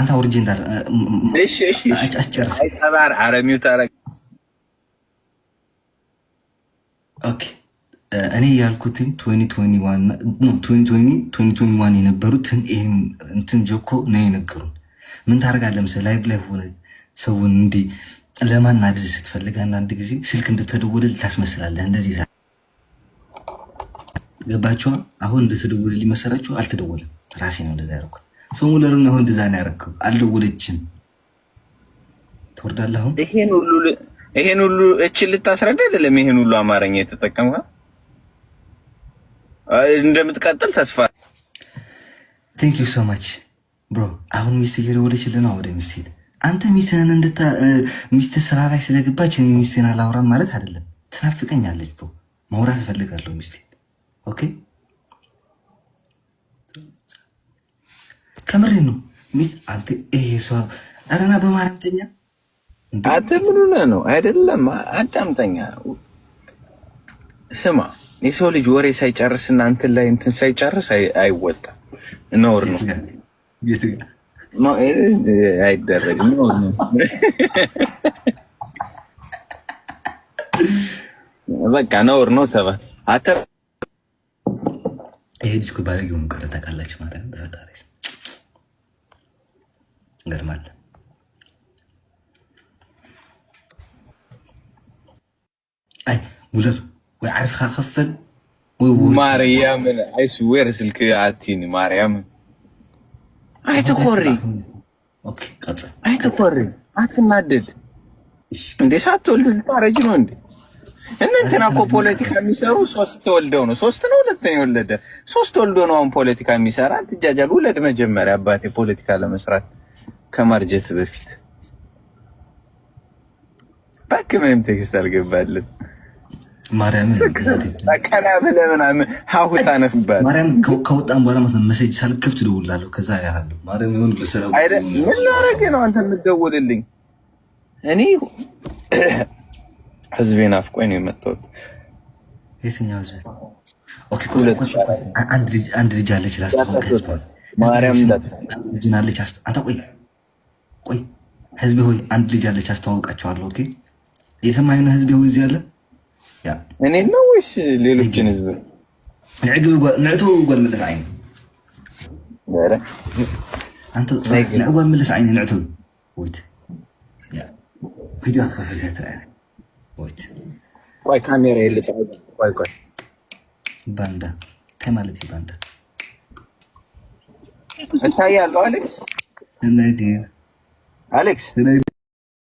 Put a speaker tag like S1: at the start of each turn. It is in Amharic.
S1: አንተ አውርጄ እንዳል
S2: አጨርሰባር አረሚው ታረቅ
S1: ኦኬ። እኔ ያልኩትን ዋን የነበሩትን ይህን እንትን ጆኮ ነው የነገሩን። ምን ታደርጋለህ መሰለህ ላይቭ ላይ ሆነ ሰውን እንዲህ ለማናደድ ስትፈልግ አንዳንድ ጊዜ ስልክ እንደተደወለ ታስመስላለህ። እንደዚህ ገባችኋ? አሁን እንደተደወለ ሊመሰላችሁ አልተደወለም። ራሴ ነው እንደዛ ያደረኩት። ሶሙለርን ነው አሁን ዲዛይን ያደረግከው። አልደወለችም። ትወርዳለህ። አሁን
S2: ይሄን ሁሉ ይሄን ሁሉ እችን ልታስረዳ አይደለም? ይሄን ሁሉ አማርኛ የተጠቀምከው እንደምትቀጥል ተስፋ
S1: ቴንክ ዩ ሶ ማች ብሮ። አሁን ሚስት ችል ነው። ወደ ሚስት ሄድ። አንተ ሚስትህን እንድታ ሚስት ስራ ላይ ስለገባች እኔ ሚስቴን አላውራም ማለት አይደለም። ትናፍቀኛለች ብሮ፣ ማውራት እፈልጋለሁ ሚስቴን። ኦኬ ከምሬ ነው። ሚስት አንተ ይሄ ሰው አረና በማርያም
S2: አንተ ምን ሆነህ ነው? አይደለም አዳምጠኛ። ስማ የሰው ልጅ ወሬ ሳይጨርስ እና እንትን ላይ እንትን ሳይጨርስ አይወጣም። ነውር ነው፣ አይደረግም። ነው። በቃ ነውር ነው ተባል
S1: አተ ይሄ ልጅ ባለጌ ቀረ። ታውቃላችሁ ማለት ነው በፈጣሪ እንገጥማለን። አይ ውለር ወይ ዓርፍካ ክፈል
S2: ማርያምን አይሱ ወር ስልክ አቲኒ ማርያምን አይተኮሪ አይተኮሪ አትናደድ እንዴ ሳትወልድ ልታረጅ ነው እንዴ? እንትና እኮ ፖለቲካ የሚሰሩ ሶስት ወልደው ነው። ሶስት ነው ሁለት ነው የወለደ ሶስት ወልዶ ነው አሁን ፖለቲካ የሚሰራ። አትጃጃል፣ ውለድ መጀመሪያ አባቴ ፖለቲካ ለመስራት ከማርጀት በፊት እባክህ ምንም ቴክስት አልገባልን። ማርያምን ቀና ብለህ ምናምን ሀሁታ ነፍባል።
S1: ማርያም ከወጣን በኋላ መሰጅ ሳልከፍት እደውልልሃለሁ። ከዛ ያለሁ ማርያም ሆን
S2: ምን ላረግ ነው አንተ የምትደውልልኝ? እኔ ህዝቤን አፍቆኝ ነው የመጣሁት።
S1: የትኛው ህዝብ? አንድ ልጅ አለች ላስተሆን ከህዝብ ማርያም ልጅን አለች። ቆይ ህዝቤ ሆይ አንድ ልጅ አለች፣ አስተዋውቃቸዋለሁ። ኦኬ፣ ህዝቤ ሆይ እዚህ
S2: እኔ ነው ወይስ ሌሎችን ህዝብ?
S1: ንዕቱ ጓል ምልስ ዓይኒ ዓይኒ ንዕቱ ወይት ቪዲዮ ትከፍል ትርአ ወይት
S2: ቆይ፣ ካሜራ የለ
S1: ባንዳ ማለት እዩ ባንዳ
S2: እታያለሁ አሌክስ አሌክስ